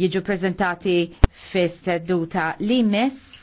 jiġu prezentati fis seduta li mess